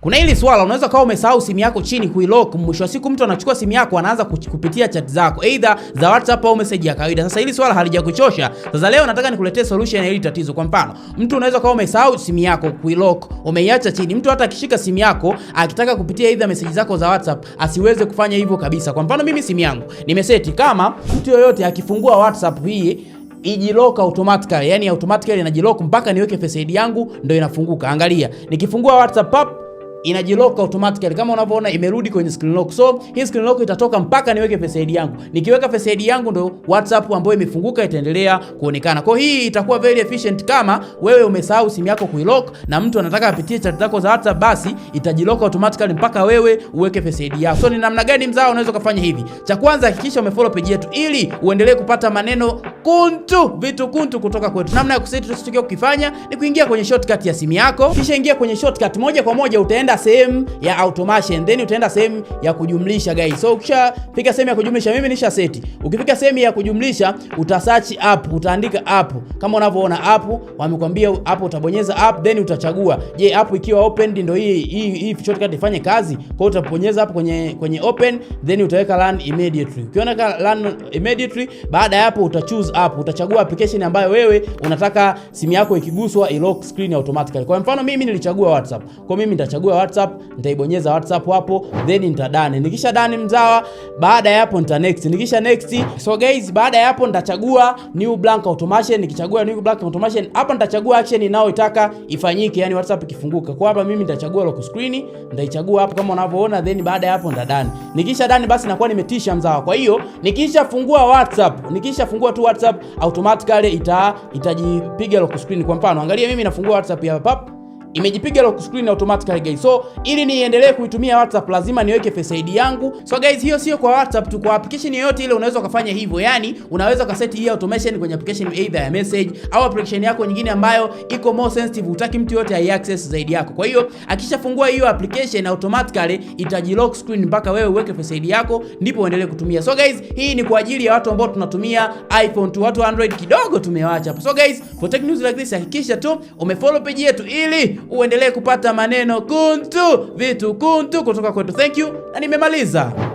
Kuna hili swala, unaweza ukawa umesahau simu yako chini kuilock. Mwisho wa siku mtu anachukua simu yako anaanza kupitia chat zako either za WhatsApp au message ya kawaida. Sasa hili swala halijakuchosha? Sasa leo nataka nikuletee solution ya hili tatizo. Kwa mfano, mtu unaweza ukawa umesahau simu yako kuilock, umeiacha chini. Mtu hata akishika simu yako akitaka kupitia either message zako za WhatsApp asiweze kufanya hivyo kabisa. Kwa mfano, mimi simu yangu nimeseti kama mtu yoyote akifungua WhatsApp hii ijilock automatically, yani automatically inajilock mpaka niweke face ID yangu ndio inafunguka. Angalia, nikifungua WhatsApp pap, inajilock automatically kama unavyoona imerudi kwenye screen lock. So hii screen lock itatoka mpaka niweke face ID yangu. Nikiweka face ID yangu ndo WhatsApp ambayo imefunguka itaendelea kuonekana. Kwa hii itakuwa very efficient kama wewe umesahau simu yako kuilock na mtu anataka apitie chat zako za WhatsApp, basi itajilock automatically mpaka wewe uweke face ID yako. So ni namna gani mzao unaweza kufanya hivi? Cha kwanza hakikisha umefollow page yetu ili uendelee kupata maneno kuntu vitu kuntu kutoka kwetu. Namna ya kuseti tusichokia kukifanya ni kuingia kwenye shortcut ya simu yako, kisha ingia kwenye shortcut moja kwa moja utaenda sehemu ya automation then utaenda sehemu ya kujumlisha guys. So ukishafika sehemu ya kujumlisha, mimi nisha seti. Ukifika sehemu ya kujumlisha uta search app, utaandika app kama unavyoona app, wamekwambia hapo, utabonyeza app then utachagua, je app ikiwa open ndio hii hii hii shortcut ifanye kazi. Kwa hiyo utabonyeza hapo kwenye kwenye open then utaweka run immediately. Ukiona run immediately, baada ya hapo uta choose app, utachagua application ambayo wewe unataka simu yako ikiguswa i lock screen automatically. Kwa mfano mimi nilichagua WhatsApp, kwa mimi nitachagua WhatsApp, nitaibonyeza WhatsApp hapo, then nitadane. Nikisha dane mzawa, baada ya hapo nita next. Nikisha next, so guys, baada ya hapo nitachagua new blank automation. Nikichagua new blank automation hapa, nitachagua action inayotaka ifanyike, yani WhatsApp ikifunguka. Kwa hapa mimi nitachagua lock screen, nitaichagua hapo kama unavyoona, then baada ya hapo nitadane. Nikisha dane basi nakuwa nimetisha mzawa. Kwa hiyo nikisha fungua WhatsApp, nikisha fungua tu WhatsApp automatically ita itajipiga lock screen. Kwa mfano, angalia mimi nafungua WhatsApp hapa pap imejipiga lock screen automatically guys. So ili niendelee kuitumia WhatsApp lazima niweke Face ID yangu. So guys, hiyo sio kwa WhatsApp tu, kwa application yoyote ile unaweza kufanya hivyo. Yani unaweza ukaseti hii automation kwenye application either ya message au application yako nyingine ambayo iko more sensitive, hutaki mtu yote aiaccess zaidi yako. Kwa hiyo akishafungua hiyo application automatically itaji lock screen mpaka wewe uweke Face ID yako ndipo uendelee kutumia. So guys, hii ni kwa ajili ya watu ambao tunatumia iPhone tu, watu Android kidogo tumewaacha hapo. So guys, for tech news like this hakikisha tu umefollow page yetu ili uendelee kupata maneno kuntu, vitu kuntu kutoka kwetu. Thank you, na nimemaliza.